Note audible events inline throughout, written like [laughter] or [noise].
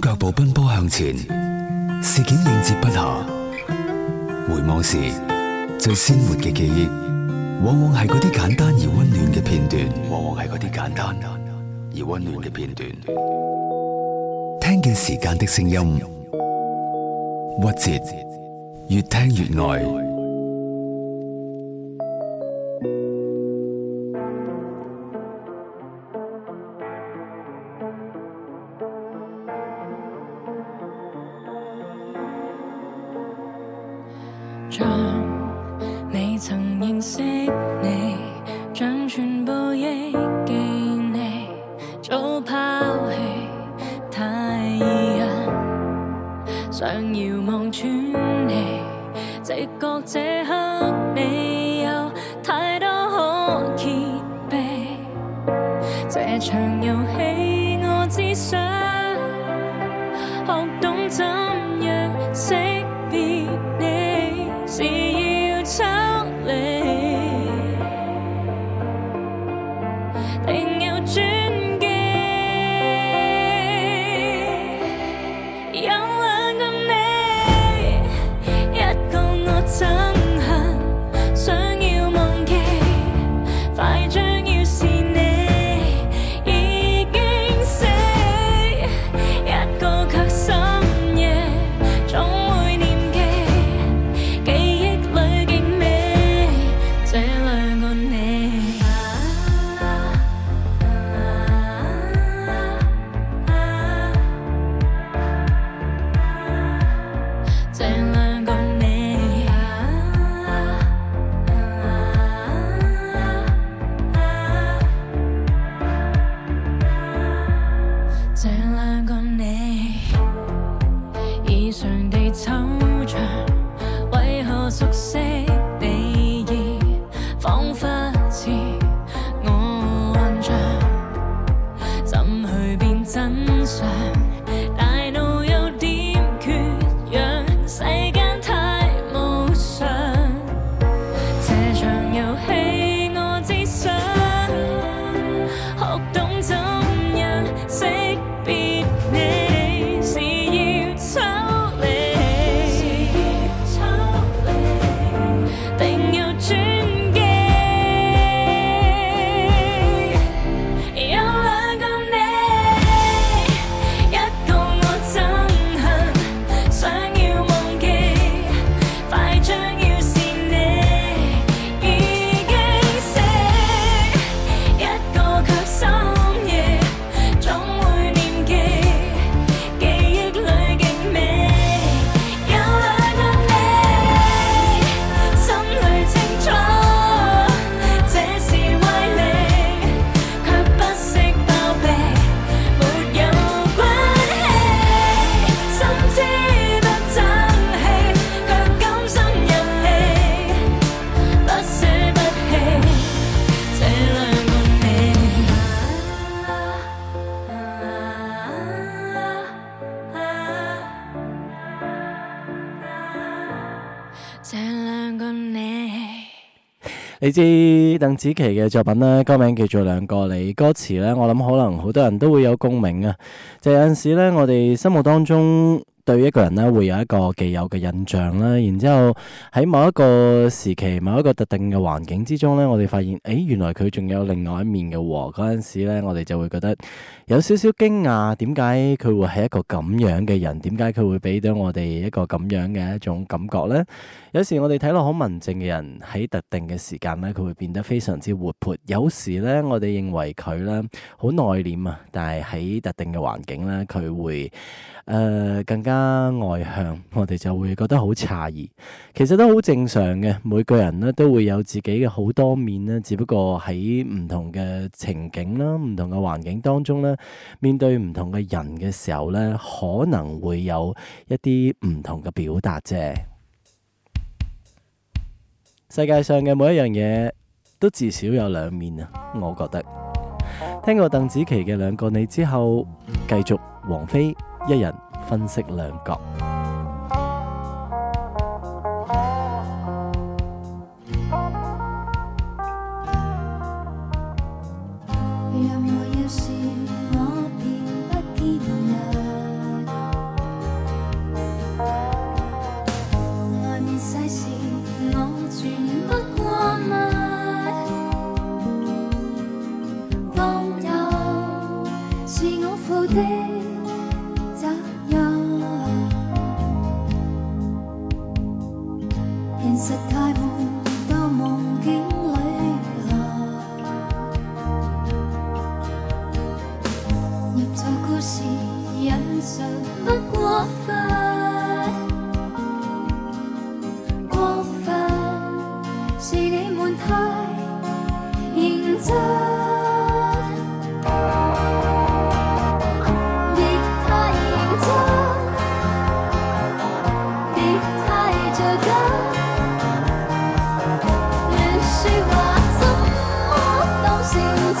腳步奔波向前，事件應接不暇。回望時，最鮮活嘅記憶，往往係嗰啲簡單而溫暖嘅片段。往往係啲簡單而溫暖嘅片段。聽見時間的聲音，曲折，越聽越愛。你知鄧紫棋嘅作品咧，歌名叫做《兩個你》，歌詞咧，我諗可能好多人都會有共鳴啊，就有陣時咧，我哋心目當中。對一個人咧，會有一個既有嘅印象啦。然之後，喺某一個時期，某一個特定嘅環境之中咧，我哋發現，誒原來佢仲有另外一面嘅喎。嗰陣時咧，我哋就會覺得有少少驚訝，點解佢會係一個咁樣嘅人？點解佢會俾到我哋一個咁樣嘅一種感覺咧？有時我哋睇落好文靜嘅人，喺特定嘅時間咧，佢會變得非常之活潑，有時咧，我哋認為佢咧好內斂啊，但係喺特定嘅環境咧，佢會誒、呃、更加。啊，外向，我哋就會覺得好詫異，其實都好正常嘅。每個人咧都會有自己嘅好多面呢，只不過喺唔同嘅情景啦、唔同嘅環境當中呢，面對唔同嘅人嘅時候呢，可能會有一啲唔同嘅表達啫。世界上嘅每一樣嘢都至少有兩面啊，我覺得。聽過鄧紫棋嘅《兩個你》之後，繼續王菲。一人分飾兩角。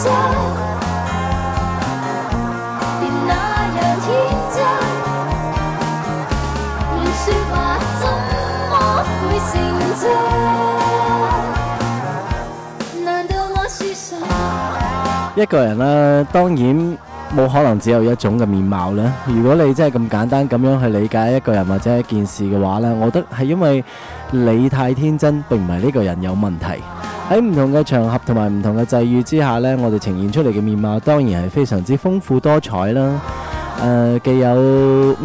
天真，一個人啊，當然冇可能只有一種嘅面貌啦。如果你真係咁簡單咁樣去理解一個人或者一件事嘅話呢，我覺得係因為你太天真，並唔係呢個人有問題。喺唔同嘅場合同埋唔同嘅際遇之下呢，我哋呈現出嚟嘅面貌當然係非常之豐富多彩啦。誒，既有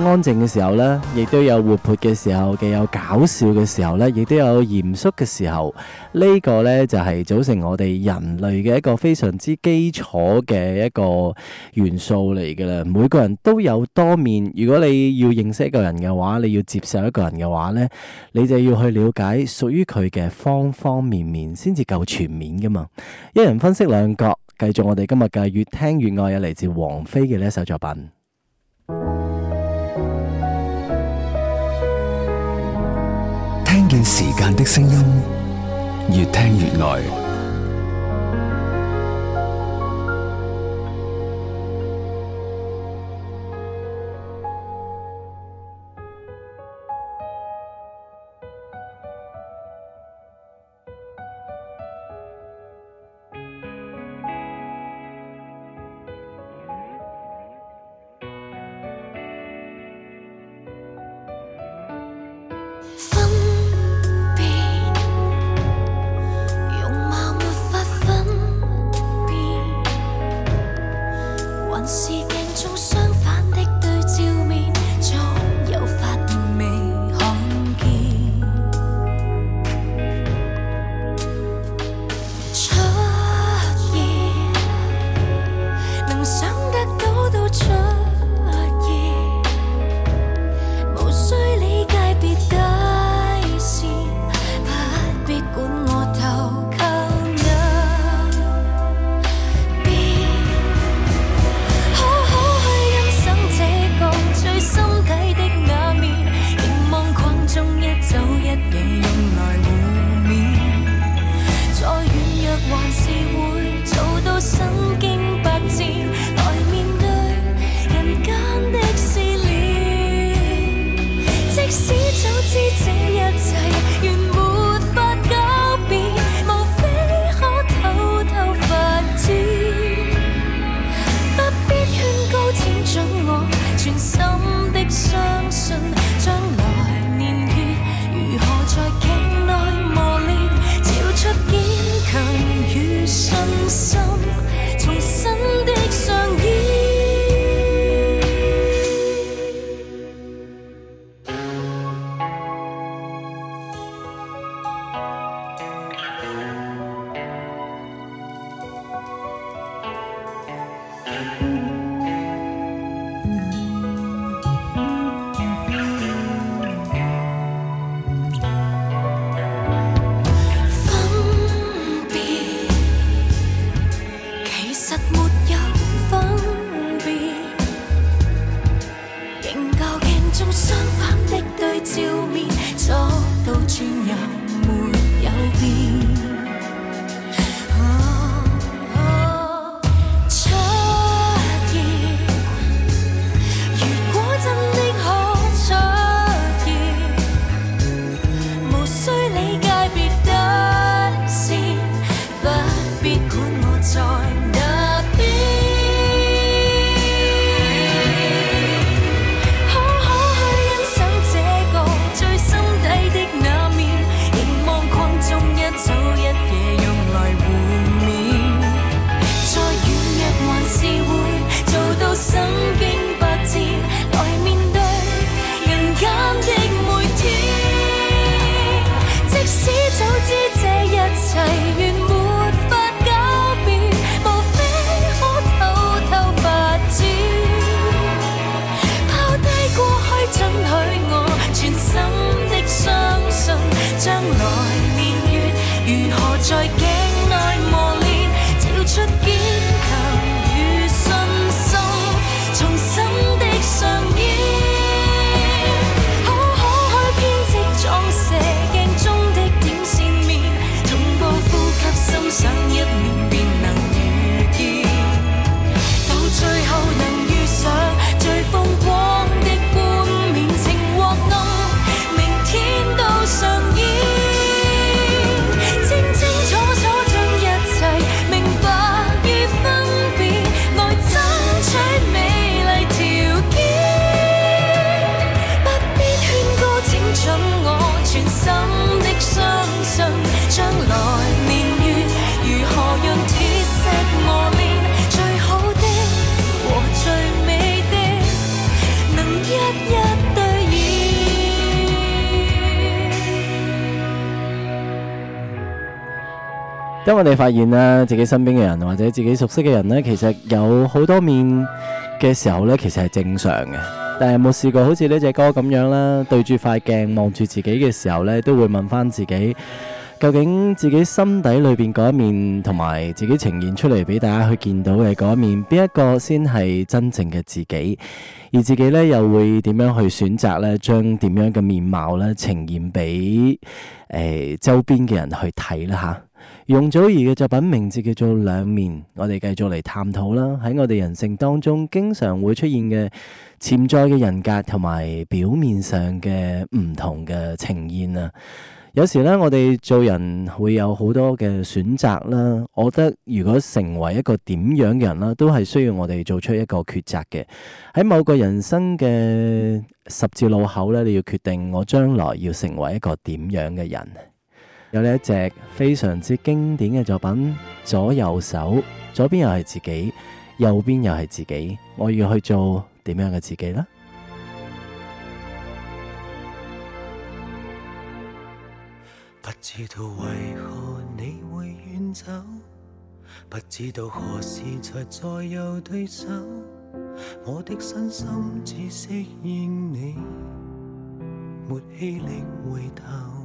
安靜嘅時候咧，亦都有活潑嘅時候，既有搞笑嘅時候咧，亦都有嚴肅嘅時候。呢個呢，就係組成我哋人類嘅一個非常之基礎嘅一個元素嚟嘅啦。每個人都有多面。如果你要認識一個人嘅話，你要接受一個人嘅話呢，你就要去了解屬於佢嘅方方面面，先至夠全面噶嘛。一人分析兩角，繼續我哋今日嘅越聽越愛，有嚟自王菲嘅呢一首作品。聽見時間的聲音，越聽越愛。當我哋發現咧，自己身邊嘅人或者自己熟悉嘅人呢，其實有好多面嘅時候呢，其實係正常嘅。但係有冇試過好似呢隻歌咁樣咧，對住塊鏡望住自己嘅時候呢都會問翻自己，究竟自己心底裏邊嗰一面，同埋自己呈現出嚟俾大家去見到嘅嗰一面，邊一個先係真正嘅自己？而自己呢，又會點樣去選擇、呃、呢，將點樣嘅面貌呢呈現俾誒周邊嘅人去睇呢？吓？容祖兒嘅作品名字叫做《兩面》，我哋繼續嚟探討啦。喺我哋人性當中，經常會出現嘅潛在嘅人格同埋表面上嘅唔同嘅呈現啊。有時呢，我哋做人會有好多嘅選擇啦。我覺得如果成為一個點樣嘅人啦，都係需要我哋做出一個抉擇嘅。喺某個人生嘅十字路口呢，你要決定我將來要成為一個點樣嘅人。有呢一隻非常之經典嘅作品《左右手》，左邊又係自己，右邊又係自己，我要去做點樣嘅自己呢？不知道為何你會遠走，不知道何時才再，再有對手，我的身心只適應你，沒氣力回頭。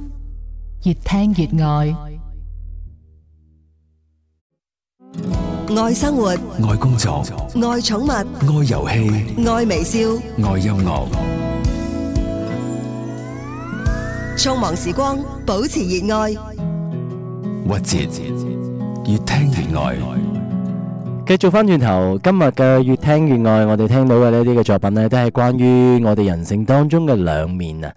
越聽越愛，愛生活，愛工作，愛寵物，愛遊戲，愛微笑，愛音樂。匆忙時光，保持熱愛。屈折，越聽越愛。繼續翻轉頭，今日嘅越聽越愛，我哋聽到嘅呢啲嘅作品咧，都係關於我哋人性當中嘅兩面啊！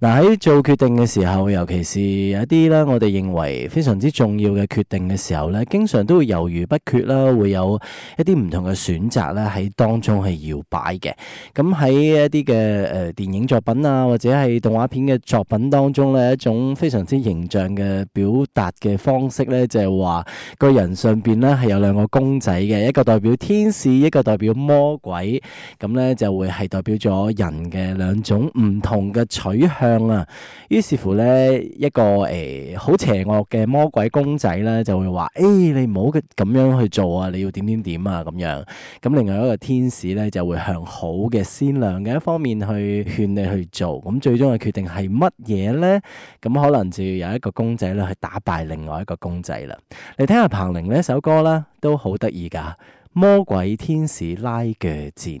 嗱，喺做決定嘅時候，尤其是一啲咧，我哋認為非常之重要嘅決定嘅時候咧，經常都會猶豫不決啦，會有一啲唔同嘅選擇咧喺當中係搖擺嘅。咁喺一啲嘅誒電影作品啊，或者係動畫片嘅作品當中咧，一種非常之形象嘅表達嘅方式咧，就係話個人上邊咧係有兩個公仔嘅。一個代表天使，一個代表魔鬼，咁咧就會係代表咗人嘅兩種唔同嘅取向啊。於是乎咧，一個誒好、哎、邪惡嘅魔鬼公仔咧，就會話：誒、哎，你唔好咁樣去做啊！你要點點點啊咁樣。咁另外一個天使咧，就會向好嘅、善良嘅一方面去勸你去做。咁最終嘅決定係乜嘢咧？咁可能就要有一個公仔咧去打敗另外一個公仔啦。你聽下彭羚呢首歌啦。都好得意噶，魔鬼天使拉鋸戰。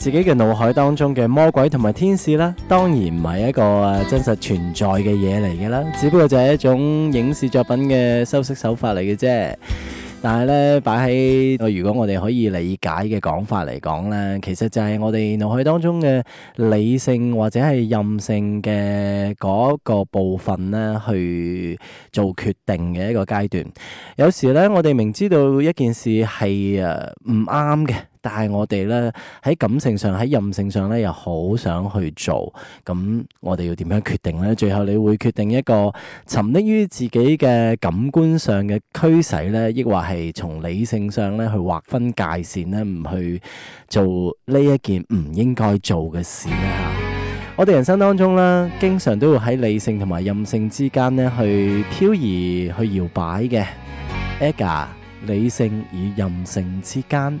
自己嘅腦海當中嘅魔鬼同埋天使啦，當然唔係一個誒真實存在嘅嘢嚟嘅啦，只不過就係一種影視作品嘅修飾手法嚟嘅啫。但係呢，擺喺如果我哋可以理解嘅講法嚟講呢，其實就係我哋腦海當中嘅理性或者係任性嘅嗰個部分呢，去做決定嘅一個階段。有時呢，我哋明知道一件事係誒唔啱嘅。但係我哋咧，喺感性上喺任性上咧，又好想去做。咁我哋要點樣決定呢？最後你會決定一個沉溺於自己嘅感官上嘅驅使呢，抑或係從理性上咧去劃分界線呢，唔去做呢一件唔應該做嘅事呢？吓，我哋人生當中呢，經常都會喺理性同埋任性之間呢，去漂移去搖擺嘅。Ega，理性與任性之間。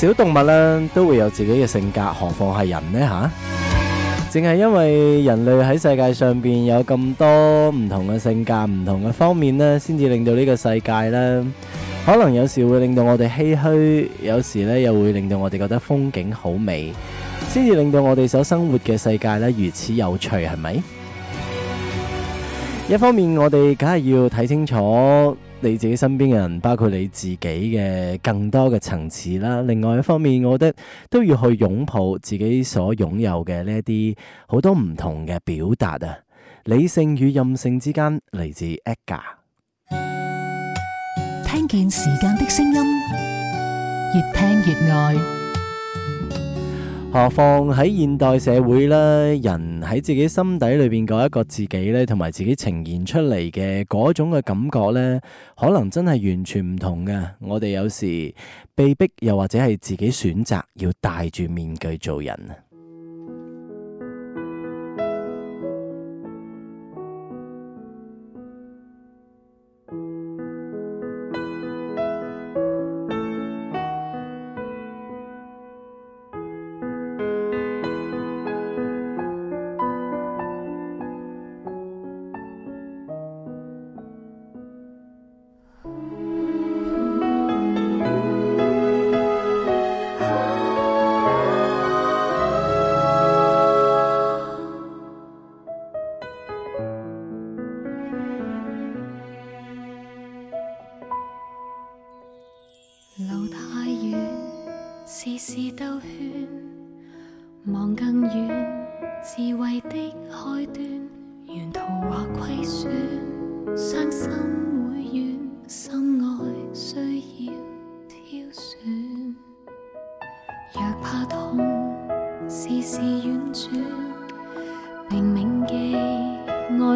小動物咧，都會有自己嘅性格，何況係人呢？吓、啊，正係因為人類喺世界上邊有咁多唔同嘅性格，唔同嘅方面咧，先至令到呢個世界咧，可能有時會令到我哋唏噓，有時咧又會令到我哋覺得風景好美，先至令到我哋所生活嘅世界呢如此有趣，係咪？一方面我哋梗係要睇清楚。你自己身邊嘅人，包括你自己嘅更多嘅層次啦。另外一方面，我覺得都要去擁抱自己所擁有嘅呢一啲好多唔同嘅表達啊。理性與任性之間，嚟自 Edgar。聽見時間的聲音，越聽越愛。何況喺現代社會咧，人。喺自己心底裏邊嗰一個自己咧，同埋自己呈現出嚟嘅嗰種嘅感覺咧，可能真係完全唔同嘅。我哋有時被逼，又或者係自己選擇，要戴住面具做人啊。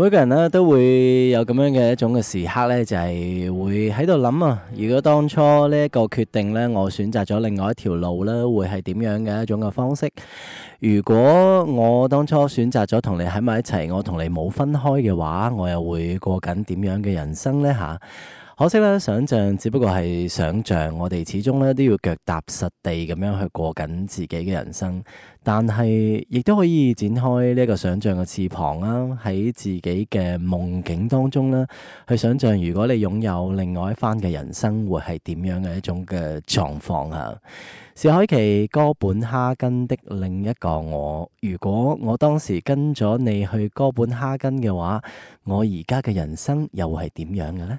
每個人呢都會有咁樣嘅一種嘅時刻呢就係會喺度諗啊。如果當初呢一個決定呢，我選擇咗另外一條路呢，會係點樣嘅一種嘅方式？如果我當初選擇咗同你喺埋一齊，我同你冇分開嘅話，我又會過緊點樣嘅人生呢？吓？可惜咧，想象，只不過係想象我們，我哋始終咧都要腳踏實地咁樣去過緊自己嘅人生。但係亦都可以展開呢個想象嘅翅膀啦，喺自己嘅夢境當中啦，去想象，如果你擁有另外一番嘅人生，會係點樣嘅一種嘅狀況啊？薛凱琪，哥本哈根的另一個我，如果我當時跟咗你去哥本哈根嘅話，我而家嘅人生又會係點樣嘅呢？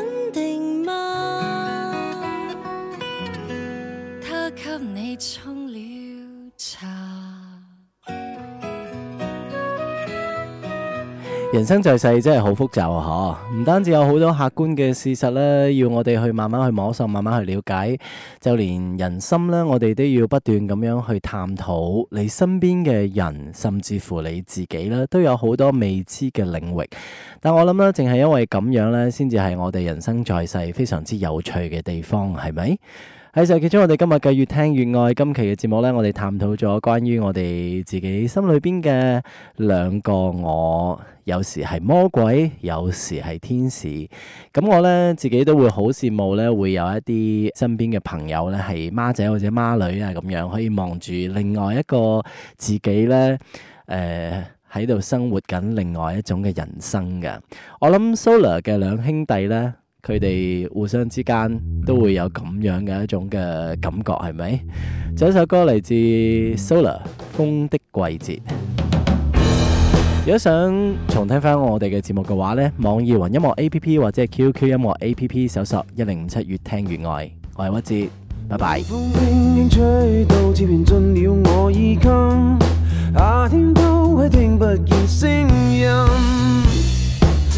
人生在世真係好複雜啊！嗬，唔單止有好多客觀嘅事實咧，要我哋去慢慢去摸索、慢慢去了解，就連人心咧，我哋都要不斷咁樣去探討。你身邊嘅人，甚至乎你自己咧，都有好多未知嘅領域。但我諗呢，淨係因為咁樣呢，先至係我哋人生在世非常之有趣嘅地方，係咪？喺上期中我們，我哋今日嘅越聽越愛今期嘅節目呢，我哋探討咗關於我哋自己心裏邊嘅兩個我，有時係魔鬼，有時係天使。咁我呢，自己都會好羨慕呢，會有一啲身邊嘅朋友呢，係孖仔或者孖女啊，咁樣可以望住另外一個自己呢，誒喺度生活緊另外一種嘅人生嘅。我諗 Solar 嘅兩兄弟呢。佢哋互相之間都會有咁樣嘅一種嘅感覺，係咪？仲有一首歌嚟自 Solar《風的季節》。 [music] 如果想重聽翻我哋嘅節目嘅話呢，網易雲音樂 A P P 或者係 QQ 音樂 A P P 搜索一零五七越聽越愛。我係屈哲，拜拜。明明吹到